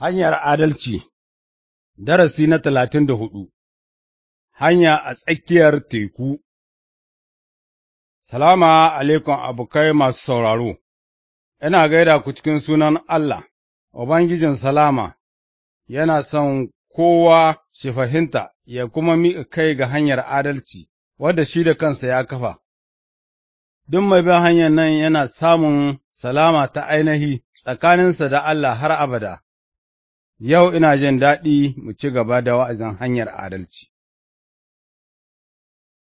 Hanyar Adalci Darasi na talatin da hudu Hanya a tsakiyar teku Salama alaikum abokai masu sauraro, Yana gaida ku cikin sunan Allah, Ubangijin Salama, yana son kowa shi fahimta ya kuma miƙa kai ga hanyar adalci, wadda shi da kansa ya kafa. Duk mai bin hanyar nan yana samun salama ta ainihi tsakaninsa da Allah har abada. Yau ina jin daɗi mu ci gaba da wa'azin hanyar adalci.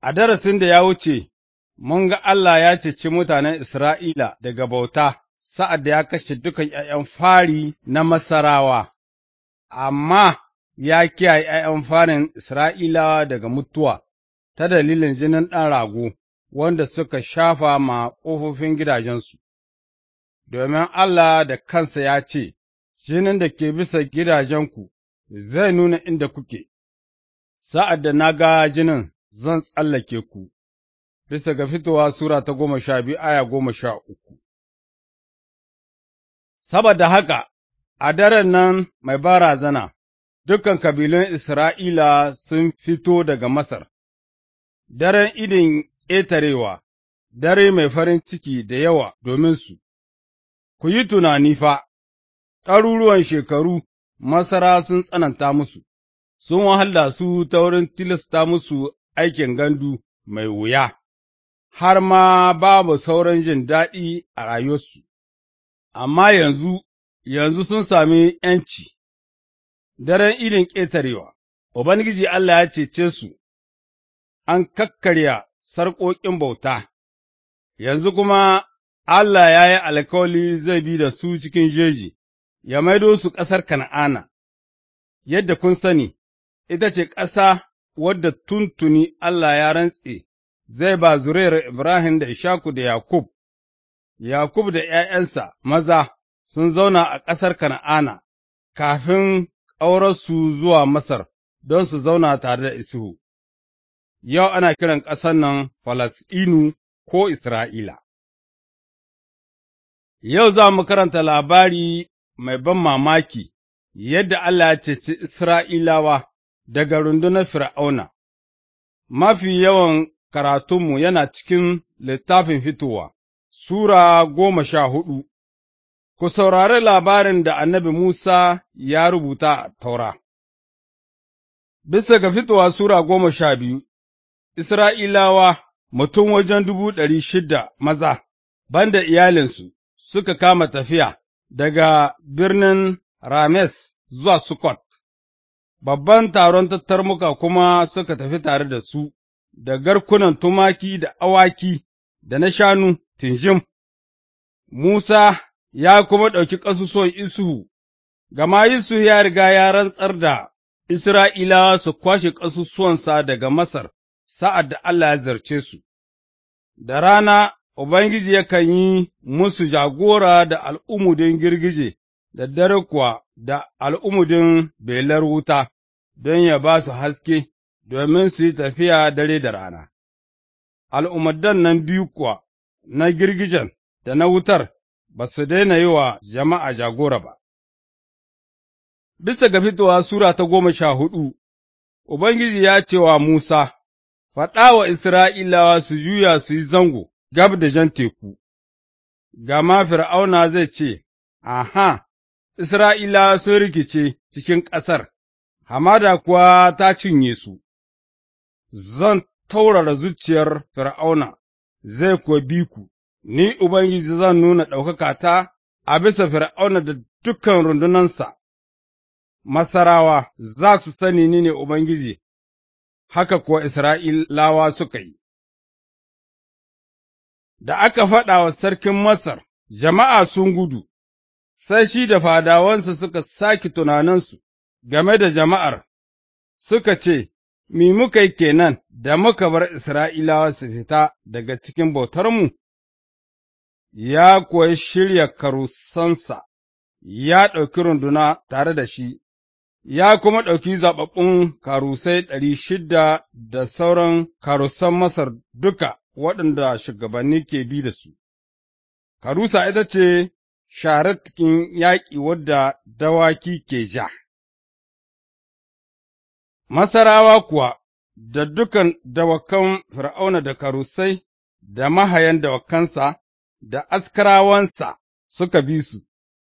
A darasin da ya wuce, mun ga Allah ya ceci mutanen Isra'ila daga bauta sa'ad da ya kashe dukan ’ya'yan fari na Masarawa, amma ya kiyaye ’ya'yan farin Isra'ilawa daga mutuwa ta dalilin jinin ɗan rago wanda suka shafa ma ƙofofin gidajensu, domin Allah da kansa ya ce, jinin da ke bisa gidajenku zai nuna inda kuke, sa'ad da na ga jinin zan tsallake ku, bisa ga fitowa Sura ta goma sha biyu aya goma sha uku. Saboda haka, a daren nan mai barazana, dukan kabilun Isra'ila sun fito daga Masar, daren idin ƙetarewa, dare mai farin ciki da yawa domin su, ku yi tunani fa. ɗaruruwan shekaru masara sun tsananta musu, sun wahala su ta wurin tilasta musu aikin gandu mai wuya, har ma babu sauran jin daɗi a rayuwarsu, amma yanzu, yanzu sun sami ’yanci, daren irin ƙetarewa, Ubangiji Allah ya cece su, an kakkarya sarƙoƙin bauta, yanzu kuma Allah ya yi alkawali zai bi da su cikin jeji, ya maido su ƙasar Kana'ana, yadda kun sani, ita ce ƙasa wadda tuntuni Allah ya rantse zai ba zuriyar Ibrahim da Ishaku da Yakub, Yakub da ’ya'yansa maza sun zauna a ƙasar Kana'ana kafin ƙaurarsu zuwa Masar don su zauna tare da Isuhu. Yau ana kiran ƙasar nan Falasɗinu ko Isra'ila. Yau za mu karanta labari mai ban mamaki yadda Allah ya ceci Isra'ilawa daga rundunar Fir'auna, mafi yawan karatunmu yana cikin littafin fitowa, Sura goma sha hudu, ku saurari labarin da annabi Musa ya rubuta a taura. Bisa ga fitowa Sura goma sha biyu, Isra'ilawa mutum wajen dubu ɗari shida maza, banda iyalinsu, suka kama tafiya daga birnin Rames zuwa Sukot, babban taron tattarmuka kuma suka tafi tare da su, da garkunan tumaki da awaki da na shanu tinjim. Musa ya kuma ɗauki ƙasusuwan Isuhu, gama Isuhu ya riga ya rantsar da Isra'ila su kwashe ƙasusuwansa daga Masar sa'ad da Allah ya zarce su, da rana Ubangiji yakan yi musu jagora da al'umudin girgije, da dare kuwa da al'umudin belar wuta, don ya ba su haske, domin su yi tafiya dare da rana. Al'ummaddan nan biyu kuwa na girgijen da na wutar ba su daina yi wa jama'a jagora ba. Bisa ga fitowa Sura ta goma sha hudu, Ubangiji ya ce wa Musa, Faɗa wa Isra'ilawa su juya su yi zango, gab da jan teku, gama Fir'auna zai ce, Aha, Isra'ila sun rikice cikin ƙasar, hamada kuwa ta cinye su, zan taurara zuciyar Fir'auna, zai kuwa bi ku, ni Ubangiji zan nuna ɗaukakata a bisa Fir'auna da dukan rundunansa, Masarawa za su sani ni ne Ubangiji, haka kuwa Isra'ilawa suka yi. da aka faɗa wa sarkin Masar, jama'a sun gudu, sai shi da fadawansa suka sake tunaninsu game da jama'ar, suka ce, Mi muka yi kenan da muka bar Isra'ilawa su fita daga cikin bautarmu? Ya koyi shirya karusansa, ya ɗauki runduna tare da shi, ya kuma ɗauki zaɓaɓɓun karusai ɗari shida da sauran karusan Masar duka waɗanda shugabanni ke bi da su. Karusa ita ce sharatikin yaƙi wadda dawaki ke ja. Masarawa kuwa da dukan dawakan Fir'auna da karusai da mahayan dawakansa da askarawansa suka bi su,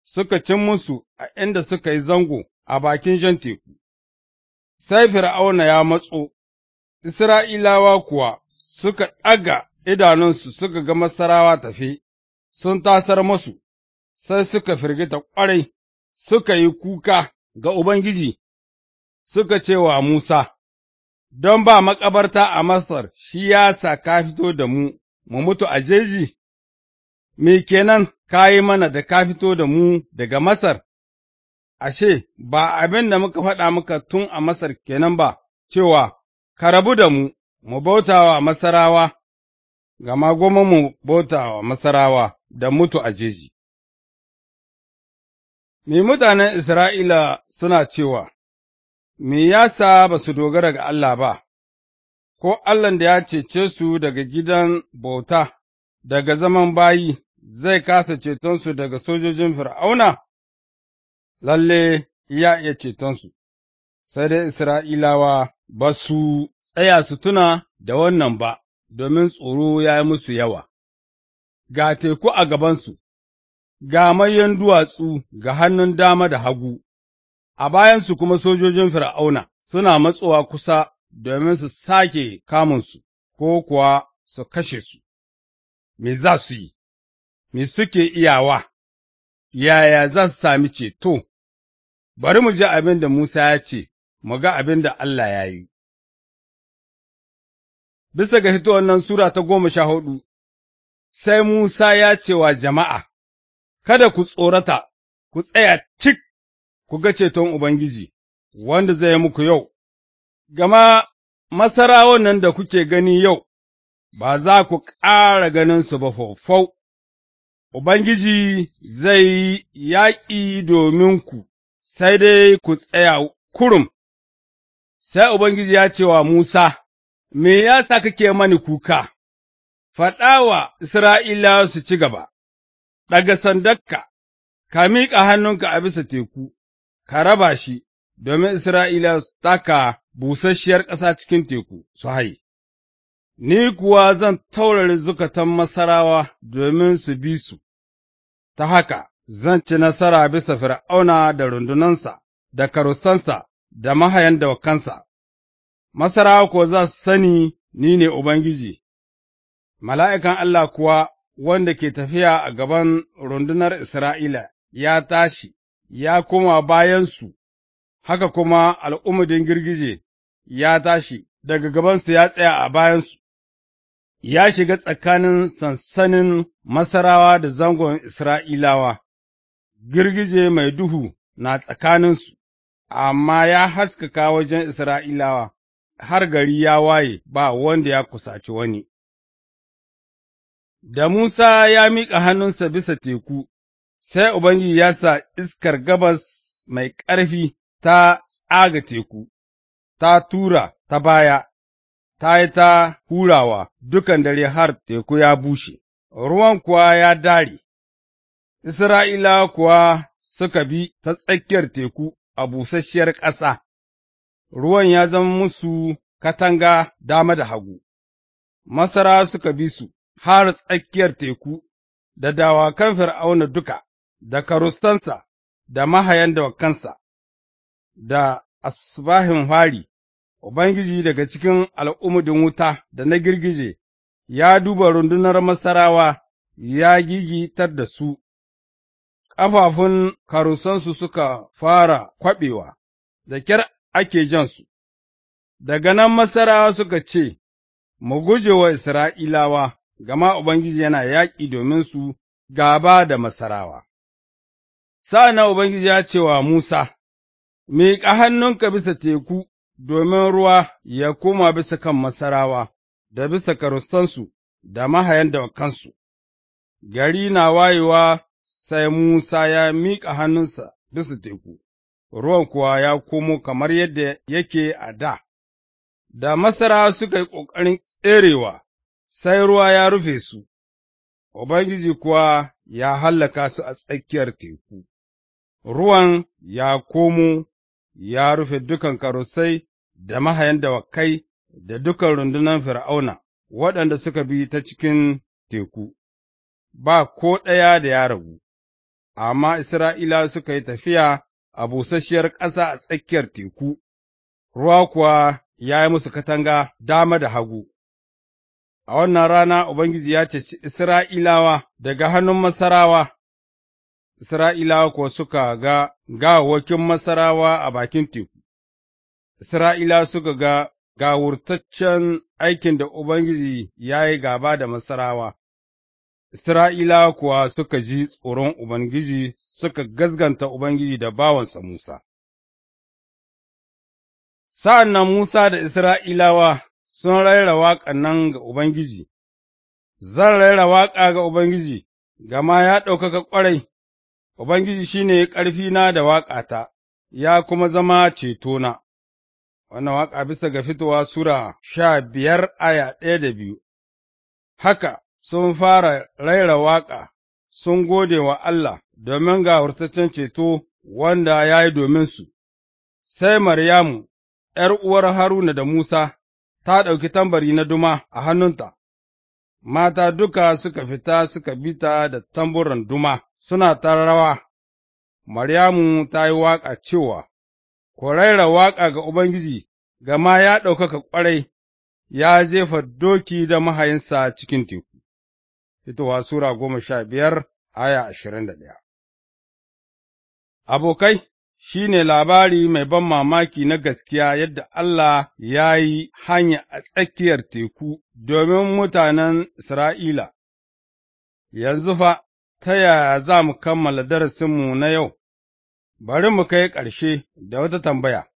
suka cin musu a inda suka yi zango a bakin jan teku. Sai Fir'auna ya matso, Isra'ilawa kuwa suka ɗaga idanunsu suka ga masarawa tafe sun tasar masu, sai suka firgita ƙwarai, suka yi kuka ga Ubangiji, suka ce wa Musa, Don ba makabarta a Masar shi ya sa ka fito da mu, mu mutu a jeji, me kenan ka yi mana da ka fito da mu daga Masar, ashe, ba abin da muka faɗa muka tun a Masar kenan ba, cewa, Ka rabu da mu, mu bauta wa Masarawa, gama goma mu bauta wa Masarawa da mutu a jeji. Me mutanen Isra'ila suna cewa, Me sa ba su dogara ga Allah ba, ko Allah da ya cece su daga gidan bauta, daga zaman bayi, zai kasa cetonsu daga sojojin Fir'auna? Lalle ya iya cetonsu, sai dai Isra'ilawa ba su tsaya su tuna da wannan ba, domin tsoro ya yi musu yawa, ga teku a gabansu, ga mayan duwatsu ga hannun dama da hagu, a bayansu kuma sojojin Fir'auna suna matsowa kusa domin su sake kamunsu ko kuwa su kashe su, me za su yi, me suke iyawa, yaya za su sami ceto, bari mu ji abin da Musa ya ce, mu ga abin da Allah ya yi. bisa ga hitowar nan Sura ta goma sha hudu, sai Musa ya ce wa jama'a, Kada ku tsorata, ku tsaya cik, ku ga ceton Ubangiji, wanda zai yi muku yau, gama masarawan nan da kuke gani yau, ba za ku ƙara ganinsu ba faufau, Ubangiji zai yi yaƙi domin ku, sai dai ku tsaya kurum. Sai Ubangiji ya ce wa Musa, Me ya sa kake mani kuka, faɗa wa Isra'ilawa su ci gaba, ɗaga sandakka, ka miƙa hannunka a bisa teku, ka raba shi, domin Isra'ilawa su taka busasshiyar ƙasa cikin teku su haye. Ni kuwa zan taurari zukatan masarawa domin su bi su, ta haka zan ci nasara bisa fir'auna da rundunansa, da karusansa, da mahayan dawakansa. Masarawa kuwa za su sani ni ne Ubangiji, mala'ikan Allah kuwa wanda ke tafiya a gaban rundunar Isra'ila ya tashi, ya koma bayansu, haka kuma al'umudin girgije ya tashi daga gabansu ya tsaya a bayansu, ya shiga tsakanin sansanin Masarawa da zangon Isra'ilawa, girgije mai duhu na tsakaninsu, amma ya haskaka wajen Isra'ilawa. har gari ya waye ba wanda ya kusaci wani. Da Musa ya miƙa hannunsa bisa teku, sai Ubangiji ya sa iskar gabas mai ƙarfi ta tsaga teku, ta tura ta baya, ta yi ta hurawa dukan dare har teku ya bushe, ruwan kuwa ya dare, Isra'ila kuwa suka bi ta tsakiyar teku a busasshiyar ƙasa. ruwan ya zama musu katanga dama da hagu, masara suka bi su har tsakiyar teku, da dawakan Fir'auna duka, da karustansa, da mahayan dawakansa, da asbahin fari, Ubangiji daga cikin al'umudin wuta da na girgije, ya duba rundunar Masarawa ya gigitar da su, ƙafafun karusansu suka fara kwaɓewa, da kyar ake jansu. Daga nan Masarawa suka ce, Mu guje wa Isra'ilawa, gama Ubangiji yana yaƙi domin su gaba da Masarawa. Sa'an nan Ubangiji ya ce wa Musa, Miƙa hannunka bisa teku domin ruwa ya koma bisa kan Masarawa, da bisa karustansu, da mahayan kansu. Gari na wayewa sai Musa ya miƙa hannunsa bisa teku. ruwan kuwa ya komo kamar yadda yake a da. Da masara suka yi ƙoƙarin tserewa, sai ruwa ya rufe su, Ubangiji kuwa ya hallaka su a tsakiyar teku, ruwan ya komo ya rufe dukan karusai da mahayan dawakai da dukan rundunan Fir'auna waɗanda suka bi ta cikin teku, ba ko ɗaya da ya ragu, amma Isra'ila suka yi tafiya a busasshiyar ƙasa a tsakiyar teku, ruwa kuwa ya yi musu katanga dama da hagu. A wannan rana Ubangiji ya ceci Isra'ilawa daga hannun Masarawa, Isra'ilawa kuwa suka ga gawakin Masarawa a bakin teku, Isra'ilawa suka ga gawurtaccen aikin da Ubangiji ya yi gaba da Masarawa. Isra'ilawa kuwa suka ji tsoron Ubangiji suka gazganta Ubangiji da bawansa Musa. Sa'an nan Musa da Isra'ilawa sun raira waƙa nan ga Ubangiji, zan raira waƙa ga Ubangiji, gama ya ɗaukaka ƙwarai, Ubangiji shi ne ƙarfina da waƙata, ya kuma zama cetona. Wannan waƙa bisa ga fitowa Sura sha biyar aya ɗaya da biyu. Haka, sun fara raira waƙa, sun gode wa Allah domin ga wurtaccen ceto wanda ya yi dominsu, sai Maryamu, ’yar uwar Haruna da Musa, ta ɗauki tambari na duma a hannunta, mata duka suka fita suka bita da tamburan duma suna tararawa. Maryamu ta yi waƙa cewa, Ku raira waƙa ga Ubangiji, gama ya ɗaukaka ƙwarai, ya jefa doki da mahayinsa cikin teku. Fitowa Sura goma sha biyar aya ashirin da ɗaya Abokai, shi ne labari mai ban mamaki na gaskiya yadda Allah ya yi hanya a tsakiyar teku domin mutanen Isra'ila. Yanzu fa, ta yaya za mu kammala darasinmu na yau, bari mu kai ƙarshe da wata tambaya,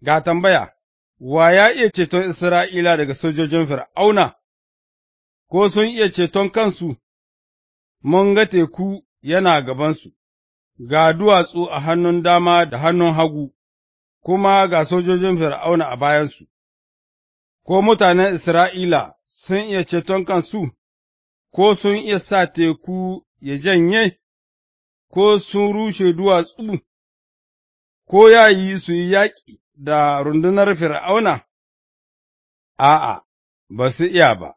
ga tambaya, wa ya iya ceton Isra'ila daga sojojin Fir'auna? ko sun iya ceton kansu, mun ga teku yana gabansu, ga duwatsu a hannun dama da hannun hagu, kuma ga sojojin Fir'auna a bayansu, ko mutanen Isra'ila sun iya ceton kansu, ko sun iya sa teku ya janye, ko sun rushe duwatsu, ko ya yi su yi yaƙi da rundunar Fir'auna? A'a, ba su iya ba.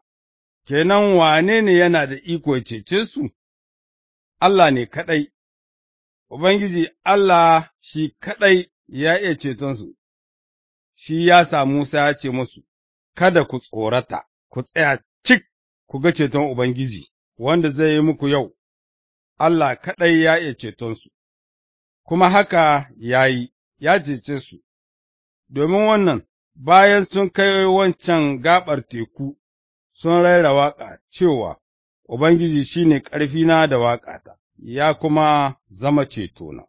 kenan wane ne yana da iko ya cece su? Allah ne kaɗai, Ubangiji Allah shi kaɗai ya iya cetonsu, shi ya sa Musa ya ce musu, Kada ku tsorata, ku tsaya cik ku ga ceton Ubangiji, wanda zai yi muku yau, Allah kaɗai ya iya cetonsu, kuma haka ya yi, ya cece su, domin wannan bayan sun kai wancan gaɓar teku. sun raira waƙa cewa, Ubangiji shi ne ƙarfina da waƙata, ya kuma zama cetona.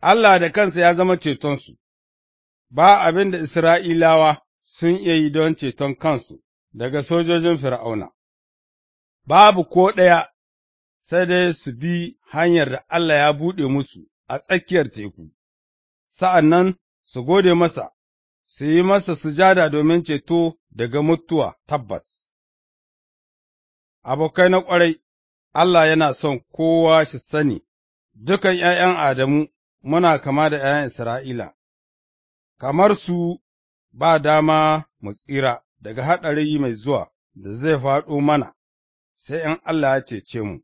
Allah da kansa ya zama cetonsu, ba abin da Isra'ilawa sun iya yi don ceton kansu daga sojojin Fir'auna, babu ko ɗaya sai dai su bi hanyar da Allah ya buɗe musu a tsakiyar teku, sa'an nan su gode masa su yi masa sujada domin ceto daga mutuwa tabbas. Abokai na ƙwarai, Allah yana son kowa shi sani, dukan ’ya'yan Adamu muna kama da ’ya'yan Isra'ila, kamar su ba dama mu tsira daga haɗari mai zuwa da zai faɗo mana, sai in Allah ya cece mu.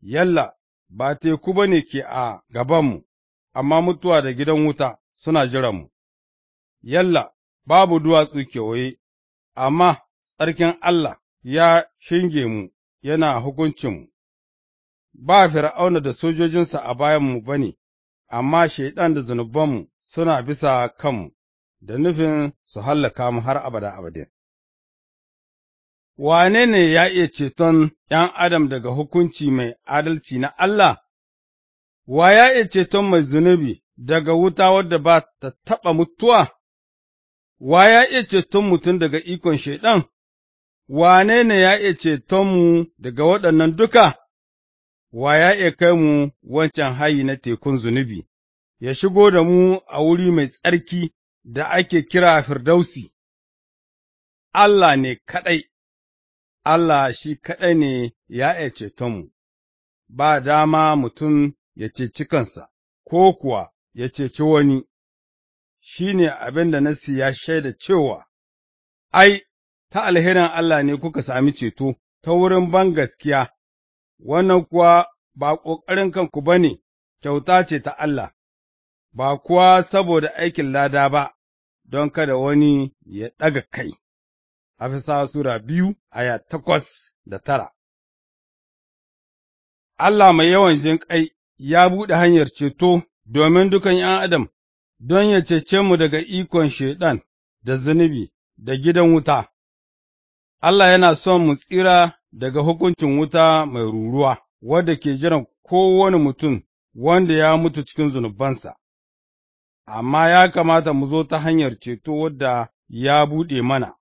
Yalla, ba teku ba ne ke a gabanmu, amma mutuwa da gidan wuta suna jiranmu. yalla babu duwatsu kewaye, amma tsarkin Allah ya shinge mu yana hukuncinmu, ba Fir'auna da sojojinsa a bayanmu ba ne, amma Shaiɗan da zunubanmu suna bisa kanmu, da nufin su hallaka mu har abada abadin. Wane ne ya iya ceton ’yan Adam daga hukunci mai adalci na Allah? Wa ya iya ceton mai zunubi daga wuta wadda ba ta taɓa mutuwa? wa ya iya ceton mutum daga ikon Shaiɗan, wane ne ya iya mu daga waɗannan duka, wa ya iya kai mu wancan hayi na tekun zunubi, ya shigo da mu a wuri mai tsarki da ake kira Firdausi, Allah ne kaɗai, Allah shi kaɗai ne ya iya mu ba dama mutum ya ceci kansa, ko kuwa ya ceci wani. shi ne abin da Nassi ya shaida cewa, Ai, ta alherin Allah ne kuka sami ceto ta wurin ban gaskiya. wannan kuwa ba ƙoƙarin kanku ba ne, kyauta ce ta Allah, ba kuwa saboda aikin lada ba, don kada wani ya ɗaga kai. fisa Sura biyu, aya takwas da tara. Allah mai yawan jinƙai ya buɗe hanyar ceto domin dukan ’yan Adam, don ya cece mu daga ikon Shaiɗan da zunubi da gidan wuta, Allah yana son mu tsira daga hukuncin wuta mai ruruwa, wadda ke jiran kowane mutum wanda ya mutu cikin zunubansa, amma ya kamata mu zo ta hanyar ceto wadda ya buɗe mana,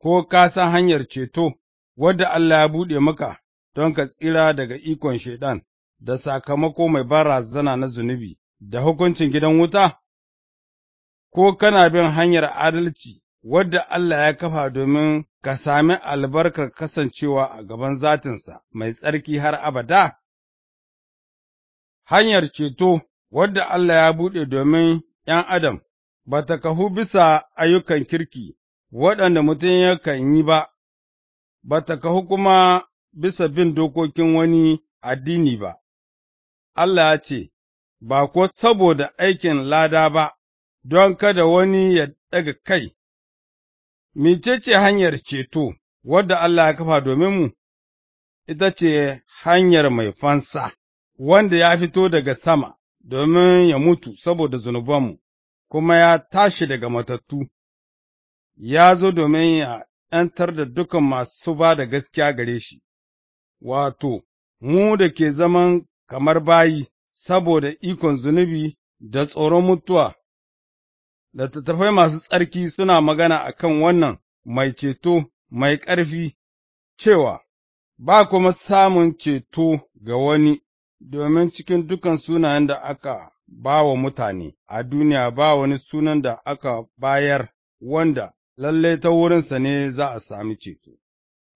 ko ka san hanyar ceto wadda Allah ya buɗe maka don ka tsira daga ikon Shaiɗan da sakamako mai barazana na zunubi da hukuncin gidan wuta, ko kana bin hanyar adalci wadda Allah ya kafa domin ka sami albarkar kasancewa a gaban zatinsa mai tsarki har abada? Hanyar ceto wadda Allah ya buɗe domin ’yan Adam ba ta kahu bisa ayyukan kirki waɗanda mutum yakan yi ba, ba ta kahu kuma bisa bin dokokin wani addini ba. Allah ya ce, ba kuwa saboda aikin lada ba, don kada wani ya ɗaga kai. Micece hanyar ceto wadda Allah ya kafa domin mu, ita ce hanyar mai fansa, wanda ya fito daga sama domin ya mutu saboda zunubanmu, kuma ya tashi daga matattu, ya zo domin ya ’yantar da dukan masu ba da gaskiya gare shi, wato, mu da ke zaman kamar bayi saboda ikon zunubi da tsoron mutuwa, littattafai masu tsarki suna magana a kan wannan mai ceto mai ƙarfi, cewa ba kuma samun ceto ga wani, domin cikin dukan sunayen da aka ba wa mutane a duniya ba wani sunan da aka bayar wanda lalle ta wurinsa ne za a sami ceto.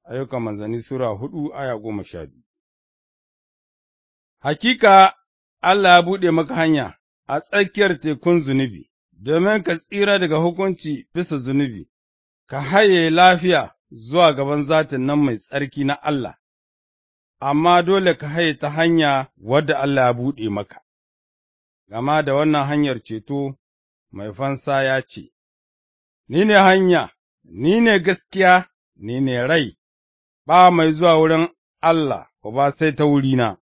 Ayyukan manzanni Sura hudu aya goma sha biyu Hakika Allah ya buɗe maka hanya a tsakiyar tekun zunubi, domin ka tsira daga hukunci bisa zunubi, ka haye lafiya zuwa gaban zatin nan mai tsarki na Allah, amma dole ka haye ta hanya wadda Allah ya buɗe maka, gama da wannan hanyar ceto mai fansa ya ce, Ni ne hanya, ni ne gaskiya, ni ne rai, ba mai zuwa wurin Allah, ba sai ta wurina.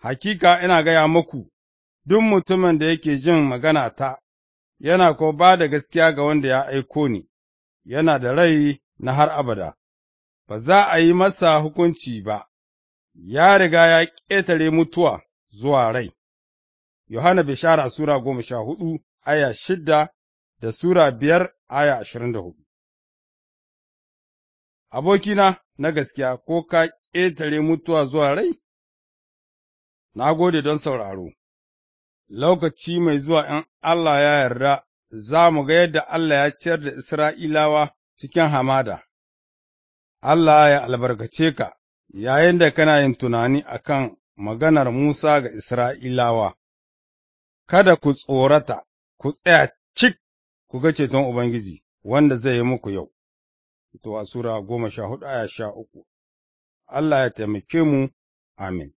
hakika ina gaya muku, duk mutumin da yake jin magana ta, yana ko ba da gaskiya ga wanda ya aiko ni, yana da rai na har abada, ba za a yi masa hukunci ba, ya riga ya ƙetare mutuwa zuwa rai. Yohana Bishara Sura goma sha hudu, aya shidda da Sura biyar, aya ashirin da hudu. Abokina na gaskiya, ko ka ƙetare mutuwa zuwa rai? na gode don sauraro, lokaci mai zuwa in Allah ya yarda za mu ga yadda Allah ya ciyar da Isra'ilawa cikin hamada, Allah ya albarkace ka yayin da kana yin tunani a kan maganar Musa ga Isra'ilawa, kada ku tsorata, ku tsaya cik ku ga ceton Ubangiji wanda zai yi muku yau. a Sura goma sha hudu aya sha uku Allah ya taimake mu, amin.